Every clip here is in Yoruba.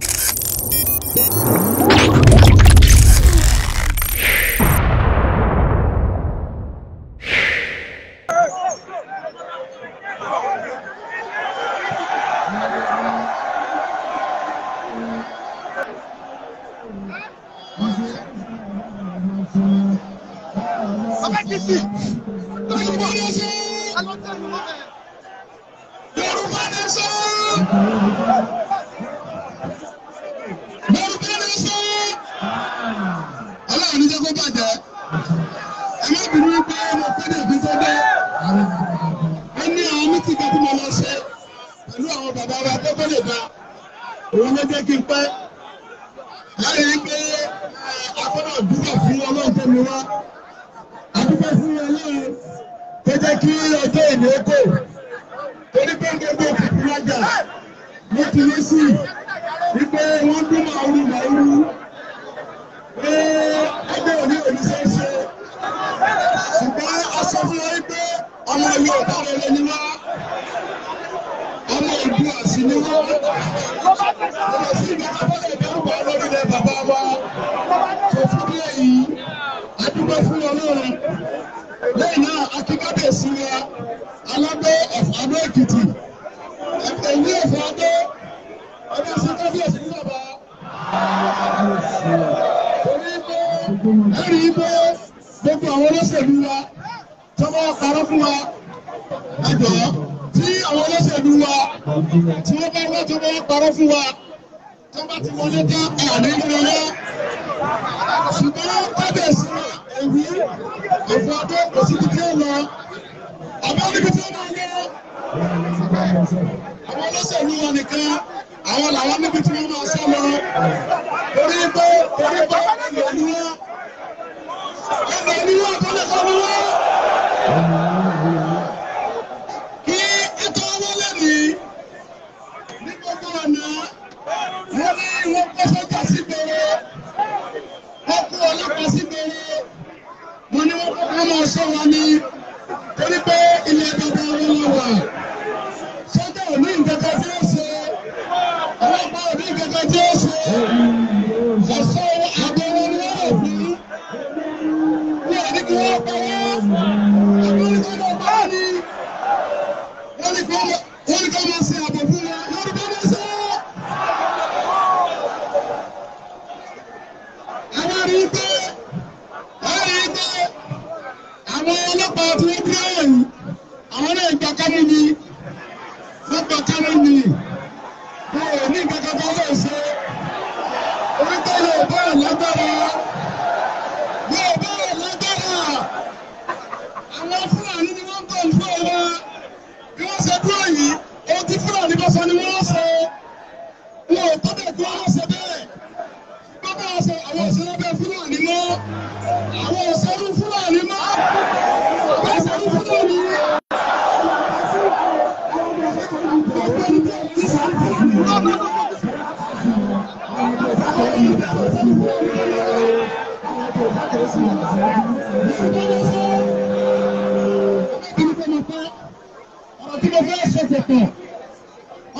you bàbá wa tó kọ́ lè ba òun ló jẹ́ kí n pẹ́ láyé wípé akọ́nà dúró fún ọlọ́run tó mi wá adúgbò fún ọlọ́run tó jẹ́ kí ọjọ́ ìlú kò torí pé gbogbo kìkì lọ́jà mo ti ní sí wípé wọ́n dún màálù màálù pé ẹgbẹ́ òní òníṣẹ́ ṣe ṣùgbọ́n aṣọ fún wa wípé ọmọ Yorùbá rẹ̀ lè ní wá ní wọ́n. Bẹ́ẹ̀ sì ni abọ́lẹ̀ ní àwọn ọlọ́dúnlẹ̀ bàbá wa. Kò fún bí alábẹ́ ọ̀fọ̀ Adó Èkìtì. náà tó wọ́n parọ́ fún wa tó bá ti wọlé dá àní wọlé ṣùgbọ́n kábíyèsí èwí òfò adé kò síbi tí ó lọ àmọ́ níbi tí ó máa lọ àwọn olóṣèlú wọn nìkan àwọn làwọn níbi tí wọ́n máa sá lọ torí pé torí pé. ọ̀rọ̀ tí mo fẹ́ sọ kò pọ̀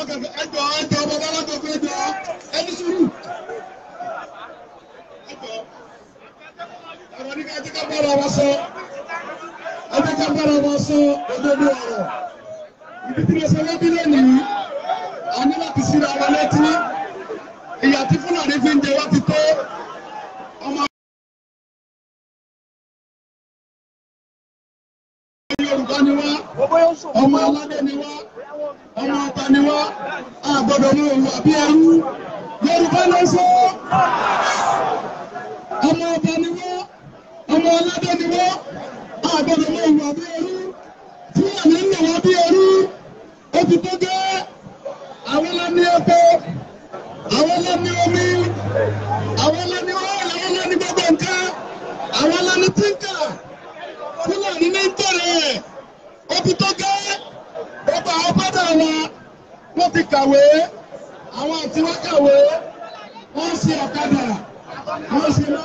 ọkọ̀ ẹjọ́ ẹjọ́ ọmọ bá látọ̀ fún ẹjọ́ ẹni sùúrù ẹjọ́ ọ̀rọ̀ ní ká ẹjẹ́ ká bára wa sọ ẹjẹ́ ká bára wa sọ òdodo ọ̀rọ̀ ìdí tí mo sọ lọ́bí náà. Yorùbá ni wá ọmọ aládé ni wá ọmọ ọba ni wá àgbọ̀dọ̀ ní òwú àbí ẹrú Yorùbá ló sọ ọmọ ọba ni wá ọmọ aládé ni wá àgbọ̀dọ̀ ní òwú àbí ẹrú tí àná ń nàwọ́ bí ẹrú ó ti tó gẹ́ àwọn la ní epo àwọn la ní omi àwọn la ní ọ́ọ̀lù àwọn la ní gbogbo nǹkan àwọn la ní tíńkà fúlàní ní bẹ̀rẹ̀ rẹ̀ obi tó gẹ́ gbogbo àwọn pátá wọn wọ́n ti kàwé àwọn àti wọ́n kàwé wọ́n ń ṣe ọ̀kadà wọ́n ń ṣe lọ.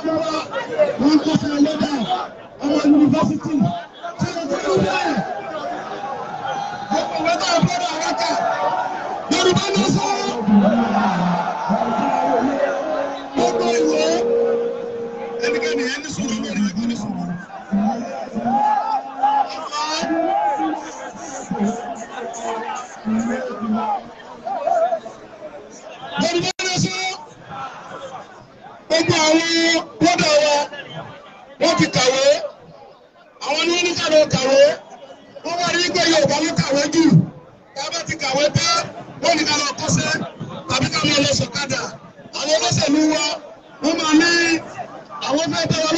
ṣiṣẹ́ tàbí ká máa lọ sọ̀kadà àwọn olóṣèlú wa wọ́n máa ní àwọn fẹ́ tẹ́wọ́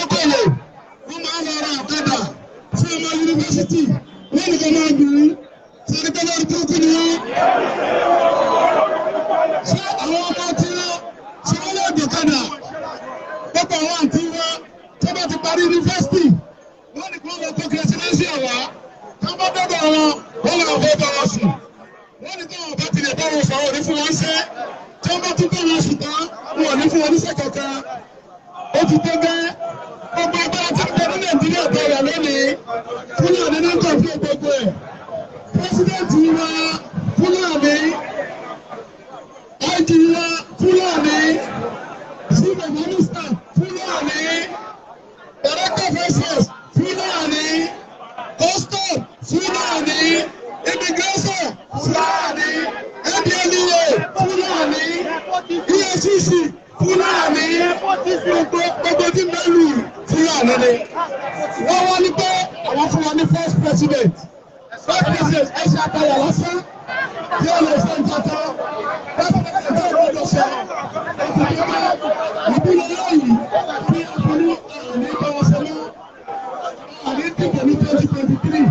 ìdìbò ní twenty twenty three.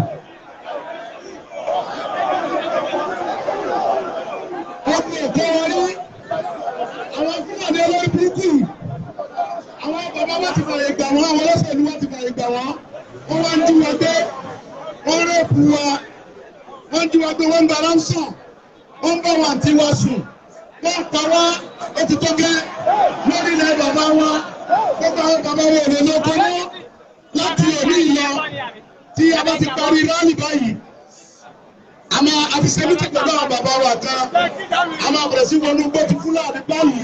ọmọ ẹ̀kọ́ wọlé àwọn fúlàní olórí burúkú àwọn bàbá wọn ti fààyè gbà wọn àwọn olóṣèlú wọn ti fààyè gbà wọn wọn wá ń jí wa gbé wọn rẹ́ẹ̀pù wa wọn jí wa gbé wọn ń gba ránṣọ wọn ń bá wọn àti wa sùn wọn pa wá ó ti tó gẹ́ lè lóko náà bá ti parí rálì báyìí a máa àfisẹ́bí ti pẹ̀lú bàbá wa kan a máa bẹ̀rẹ̀ sí wọnú gbọ́ fúlàní báyìí.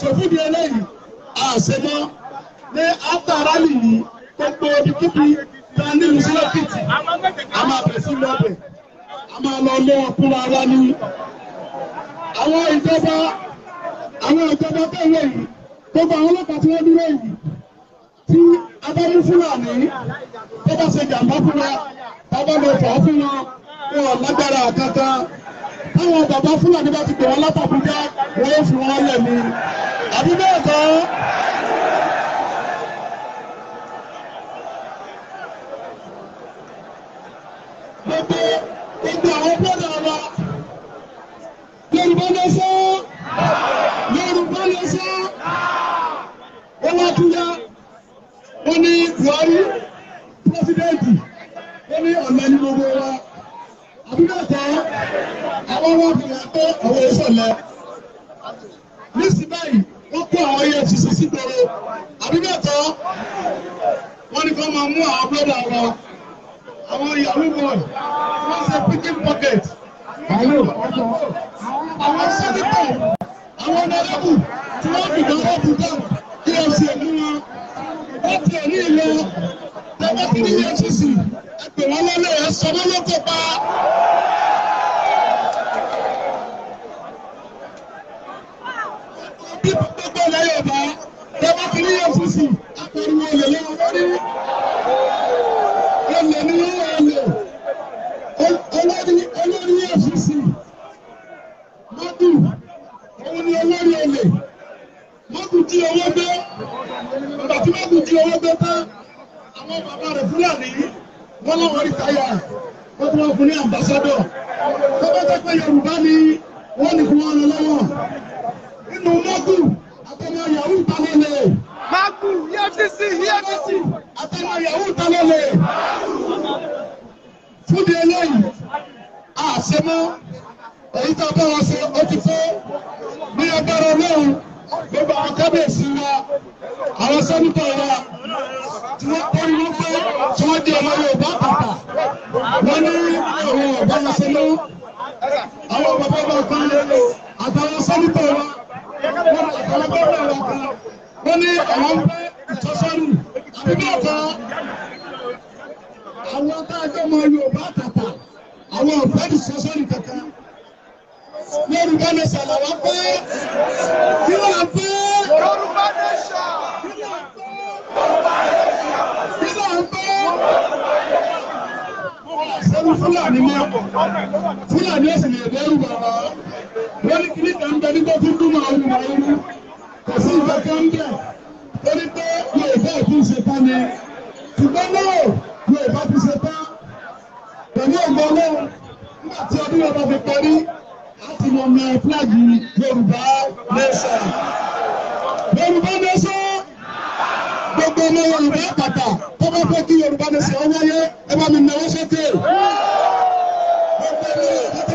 sòfúdi eléyìí àṣemọ́ ní áfítà rálì gbogbo ibikíbi kan nílùú a máa bẹ̀ sí lọ́bẹ̀ a máa lọ lọ ọkùnrin ara ní. àwọn ìjọba àwọn ìjọba yìí gbogbo àwọn ọlọ́pàá tí dúró yìí tí fúlàní ṣe jàǹbá táwọn bàbá fúlàní bá ti pè wọ́n látàkùjá wọ́n yóò fi wọ́n lẹ̀ mí àbí bẹ́ẹ̀ kọ́. gbogbo gbogbo àwọn bọ́dà ọ̀nà. wọ́n fìlà pé àwọn èso lọ. Nísì báyìí, wọ́n kó àwọn EFCC sígboro. Àbíbẹ̀tọ́, wọ́n ní kó máa mú àwọn bọ́dà lọ. Àwọn yahoo boy, wọ́n ṣe picking pocket. Àwọn sẹ́dítọ̀, àwọn ọmọdébù tí wọ́n fìgbà wọ́n bù dá EFCC mú wọn. Wọ́n ti ẹ̀ ní ìlọ. Tẹ́gbẹ́ sí ní e EFCC, ẹgbẹ̀rún lọ́lẹ̀ ẹ̀ sọ lọ́lọ́kọ̀ pa. àti ní EFCC apariwo olè lọ́wọ́ lórí olè ní olè olórí EFCC mọ́tò òun ni olórí olè mọ́tò di owó gbé nígbà tí mọ́tò di owó gbé tán àwọn bàbá rẹ̀ fúlàní wọ́n láwọn rí táyà wọ́n tún wọ́n fún ní àmbásádọ̀ tó bá jẹ́ pé Yorùbá ni wọ́n ní kí wọ́n lọ lọ́wọ́ nínú mọ́tò àtọmọ yahoo ìtàlẹ́lẹ̀. EFCC EFCC àtàwọn yahoo talọ́lẹ̀ fúdi eléyìí àṣemọ́ èyí tó bá wọn ṣe ó ti fẹ́ ní agbára ọlọ́run gbogbo àwọn kábíyèsí wa àwọn sẹ́nitọ̀ wa tí wọ́n tẹ́lẹ̀ wọ́n pé tí wọ́n di ọmọ Yorùbá pàtà wọ́n ní àwọn ọ̀bá wọn ṣe mọ́ àwọn bàbá wọn kan àtàwọn sẹ́nitọ̀ wa wọ́n ní àwọn gbọ́dọ̀ wọn kan wọ́n ní àwọn pẹ́ ìtọ́sọ́nù àbíbọ̀kọ́ àwọn tá a jọ mọ Yorùbá tàtà àwọn ọ̀fẹ́ ìtọ́sọ́nù kankan Yorùbá ní sàlàwà pé kí wọ́n á pé Yorùbá ní sà kí wọ́n á pé kí wọ́n á pé sẹ́nu fúlàní máa fúlàní ẹ̀sìn lè dẹ́rù bàbá wọ́n ní kí ní kàn nígbà tó dùn máa wù wáyé kò sí ìgbà kan bẹ́ẹ̀. Yorùbá ò tún ṣe tán ni ṣùgbọ́n náà Yorùbá ti ṣe tán pẹ̀lú ọmọ ọlọ́run nígbà tí ọdún Yorùbá fi parí láti lọ mẹ fúlàgì Yorùbá nation Yorùbá nation gbogbo ọmọ Yorùbá pàtà tó bá fẹ́ kí Yorùbá nation wáyé ẹ bá mi náwó sókè gbogbo ọmọ Yorùbá ti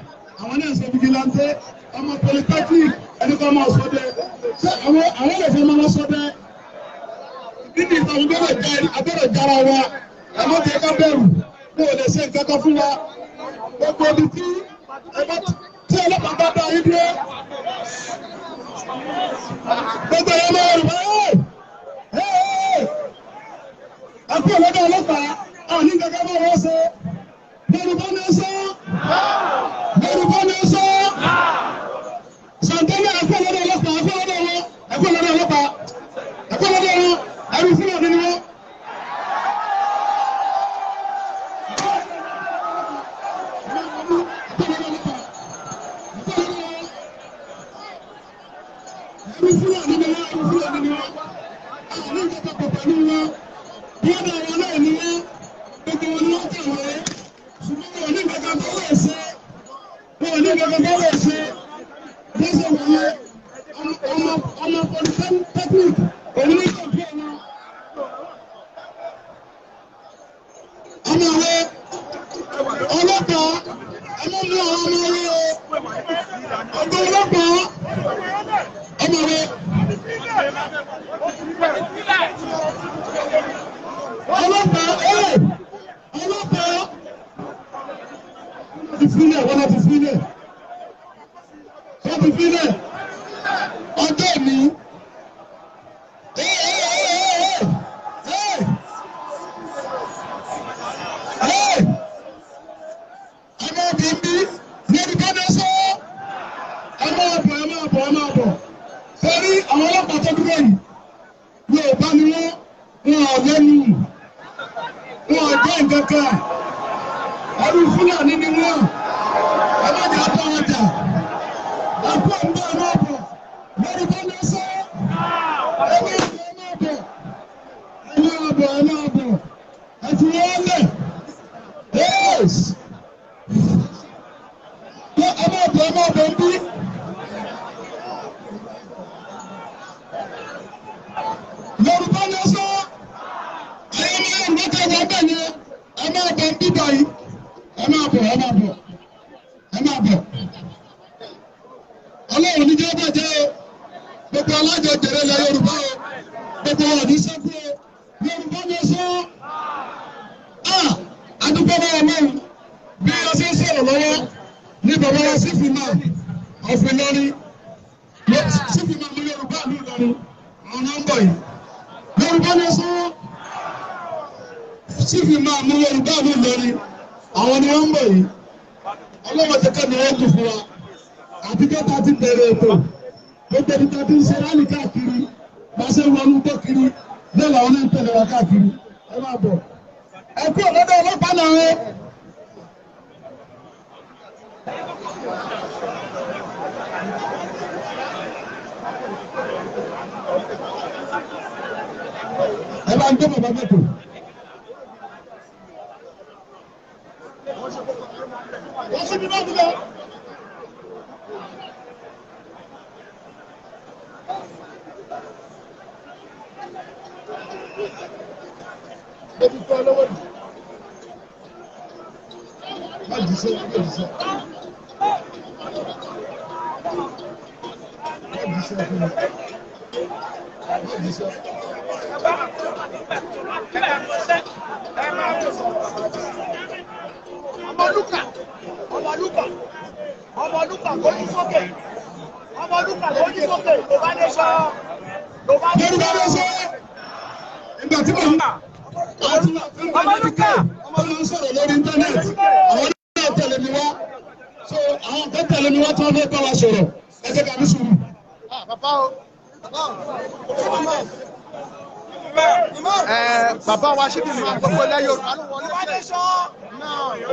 àwọn náà ṣe fìgìláńtẹ́ ọmọ polytechnic ẹni kan máa sọ dẹ ṣé àwọn àwọn lè fẹ́ máa sọ dẹ níbi ìtàn gbọ́dọ̀ jára wa ẹ̀mọ́ tẹ ká bẹ̀rù mo ò lè ṣe nǹkan kan fún wa gbogbo ibi tí ẹ̀mọ́ tí ọlọ́pàá bá dá yín dúró gbogbo ẹ̀yọ́ máa rù báyọ̀ ẹ̀kú ọ̀lọ́dọ̀ ọlọ́pàá àwọn onígbàgbọ́ wọn ṣe. Yorùbá ni sọ. Yorùbá ni sọ. Santana ẹ̀kọ́ lọ́dọ̀ ọlọ́pàá ẹ̀kọ́ lọ́dọ̀ wọn ẹ̀kọ́ lọ́dọ̀ ọlọ́pàá ẹ̀kọ́ lọ́dọ̀ wọn ẹ̀rù Fúlàní ni wọn. Ẹ̀rù Fúlàní ni wọn ẹ̀rù Fúlàní ni wọn. Àwọn ìjọba pọ̀ pẹ̀lú wọn. Amen. Thank you. òfin lórí síbi máa mú yorùbá mi lọrin àwọn náà ń bọ̀ yìí yorùbá ni sọ síbi máa mú yorùbá mi lọrin àwọn ni wọ́n ń bọ̀ yìí ọlọ́wọ́ ti kẹ́ ni wọ́n kù fún wa àtijọ́ ta ti bẹ̀rẹ̀ ètò gbogbo ibi ta ti ń ṣe rálì káàkiri pàṣẹ wọnú tó kiri lẹ́la wọn ń tẹ̀lé wa káàkiri ẹ máa bọ̀ ẹ kú ọ̀lọ́dọ̀ ọlọ́pàá náà ẹ bá ń tó bàbá mẹ́tò. wọ́n sì ní bá wúlọ. Ebi tó ọlọ́wọ́ ni. Má jù sẹ́yìn, má jù sẹ́yìn. òjíṣẹ́ fún mi àbí òjíṣẹ́. ọmọlúkà ọmọlúkà ọmọlúkà kò ní sókè ọmọlúkà kò ní sókè ló bá lè sọ ló bá lè sọ. ìgbà tí mo ń bà ọmọlúkà ọmọlúkà sọ̀rọ̀ lórí íńtánẹ́ẹ̀tì àwọn náà tẹ̀lé mi wá so àwọn tó tẹ̀lé wá tí wọ́n fẹ́ bá wa sọ̀rọ̀ ẹ jẹ́ sùúrù ẹ bàbá wa ṣe kí ni gbogbo ilẹ̀ Yorùbá ló wọlé ṣe náà ẹ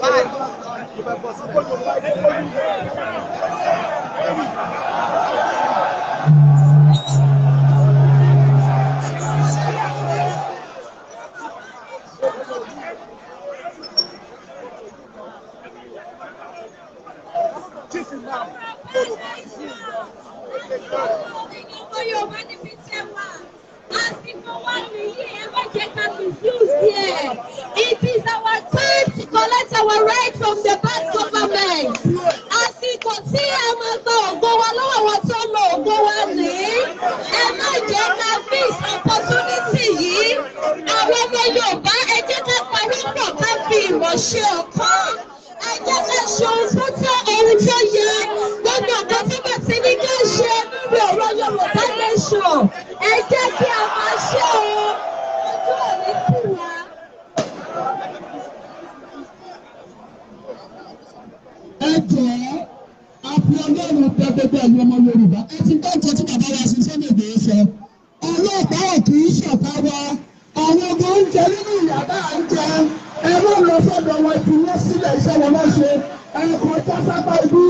bá yẹ. ọmọ Yorùbá níbi tẹ́ wà àsìkò wa it is our time to collect our rights from the bad government àsìkò tí a máa gba ògo wa lọ́wọ́ àwọn tó ń lo ògo wa ní ẹ má jẹ́ ká miss opportunity yìí àwọn ọmọ Yorùbá ẹ jẹ́ ká parọ́pọ̀ ká fi ìmọ̀ ṣe ọ̀kan jẹ́ ká ṣe ohun tó tẹ́ ohun tó yẹ gbogbo nǹkan tí kò sí ní ká ṣe lórí ọ̀rọ̀ Yorùbá nation ẹ jẹ́ kí a máa ṣe o ojú òní tì wá. ẹ jẹ́ àfi ọlọ́run pẹ́ gbogbo ẹ̀yọ́ ọmọ Yorùbá ẹ ti gbọ́ nǹkan tí bàbá wa ṣe sọ́nà ọlọ́pàá ò kì í wa àwọn ọmọ oúnjẹ nínú ìyá ń jẹun yóò lọ sọ́dọ̀ wọn ti yẹn sílẹ̀ iṣẹ́ wọn náà ṣe ẹ̀kọ́ tásápá ibú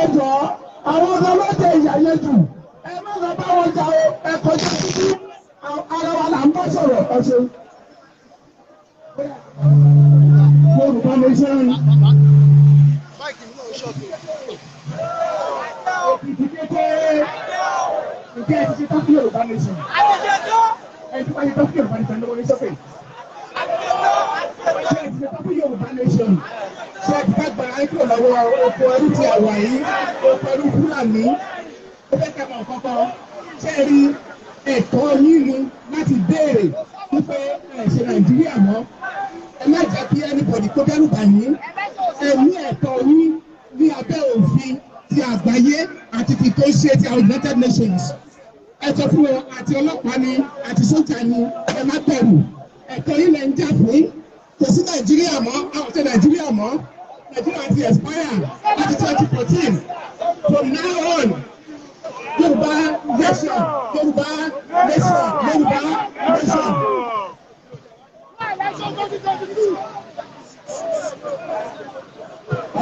ẹ̀dọ́ àwọn ọmọ ọlọ́dẹ ìyá yẹn jù ẹ má lọ bá wọn jà o ẹ̀kọ́ tó ti dú ara wa là ń bọ́ sọ̀rọ̀ ọ̀ṣẹ́. Yorùbá mi ṣe Òkìtì kékeré. Ǹjẹ́ ẹ ti ṣe tán fún Ẹ ti wáyé tán fún lọ́wọ́ ní sọ́kè ṣe ìṣètò fún Yorùbá nation ṣe ìgbàgbà àìkú lọ́wọ́ oko ẹrú ti àwà yìí oko ẹrú Fúlàní ó fẹ́ kẹ́mọ̀ kọ́kọ́ ṣe rí ẹ̀tọ́ yín ni láti béèrè wípé ẹ̀ṣẹ̀ Nàìjíríà mọ́ ẹ má jẹ́ kí ẹnìbọ̀dì kó dẹ́rù bà yín ẹ ní ẹ̀tọ́ yín ní abẹ́ òfin ti àgbáyé àti ti tó ṣe United Nations ẹ sọ fún wọn àti ọlọ́pàá ni àti sójà ni ẹ má bẹ̀rù ẹ̀tọ́ yín lẹ́ ń jà fún kò sí nàìjíríà mọ́ àwọn ọ̀tẹ̀ nàìjíríà mọ́ nàìjíríà ti expire láti twenty fourteen from now on yorùbá nation yorùbá nation yorùbá nation.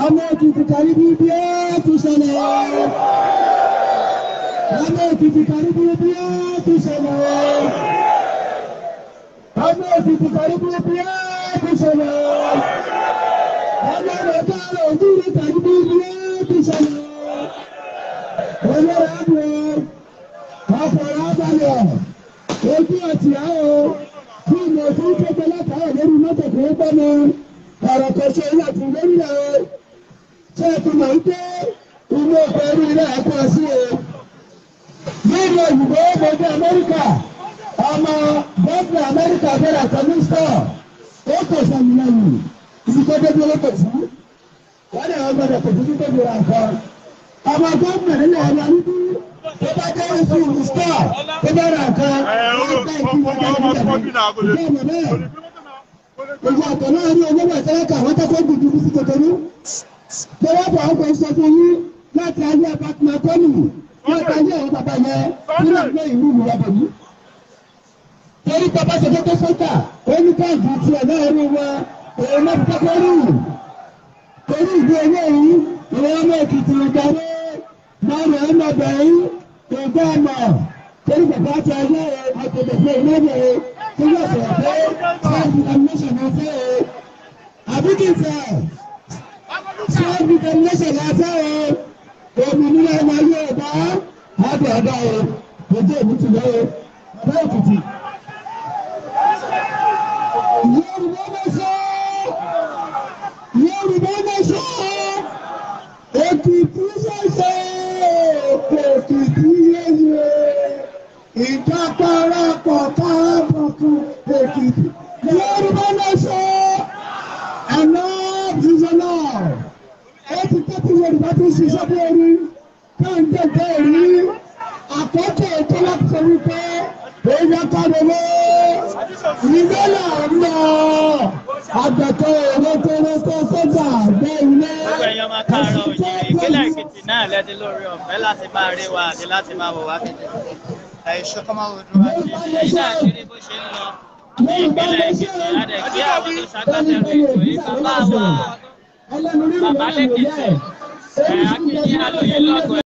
àwọn ètùtù kàríbí bí ó tún ṣẹlẹ̀ àwọn ètùtù kàríbí bí ó tún ṣẹlẹ̀ àwọn ètùtù kàríbí bí ó. أنفسنا ومن أطال أمور تجديد أنفسنا ومن أدور أفرادنا ojú àti àwọ̀ tí ilẹ̀ tó ń kẹ́kẹ́ látàá lórí mọ́tò tó ń bọ́ mi ọ̀rọ̀ kan ṣe ilé àti lórí ẹ̀ ṣe é tún mọ̀ ń pé ilé ọkọ̀ orí ó pè fún mi lẹ́yìn ibi tó débi ó pè fún wọ́n lè wọ́n gbọ́dọ̀ pè fún kí tóbi ra nǹkan. ọmọ gómìnà nílẹ̀ ọ̀la níbí tó bá jẹ́ oṣù rìstọ̀ tó bá ra nǹkan wọ́n gbà ìdí wọn lọ́wọ́ nílẹ̀ ìjọba náà ìjọ àtọ̀ náà ní owó wẹ̀ sẹ́lẹ̀kà wọ́n tẹ́kọ̀ọ́ gbùdù bí sí gbọ́dọ̀ bọ̀ àwọn fún yín láti ayé abakumẹ́kọ́nù láti ayé àwọn bàbá yẹn nílẹ̀ ìlú ìlú torí bàbá ṣe fẹ́ sọ́kà oníkàǹtì tiẹ̀ náà rí wọn èèyàn náà fi kọ́kọ́ rí yìí torí ìdí owó yìí ìwọ ọmọ Èkìtì ìjàre mọ́rọ̀ ọmọbìnrin ìgbà ọmọ torí bàbá ti ọjọ́ àgbègbè ìmọ̀bìnrin tó yọ sọ̀rọ̀ pé sáàbì kọ́míṣọ̀ náà fẹ́ o àbíkìtì sáàbì kọ́míṣọ̀ náà fẹ́ o òmìnira ọmọ Yorùbá àbẹ̀ Yorùbá máa sọ Yorùbá máa sọ Èkìtì máa sọ Èkìtì yéye ìjà parapọ̀ parapọ̀ kan Èkìtì Yorùbá máa sọ ẹ̀lọ́ ìṣẹ̀lẹ̀ ó ti tẹ́tí Yorùbá tó ṣiṣẹ́ bó. fẹ́ láti máa wa àti láti máa wò wá kéde àìṣó kọ́mọ òdu wa kiri bó ṣe ń lọ ní ìpínlẹ̀ Èkìtì adẹ̀ kí àwọn tó ṣàgbàtẹ̀rù ètò yìí kan bá wa bàbá lẹ́kìtì ẹ̀ akínyìn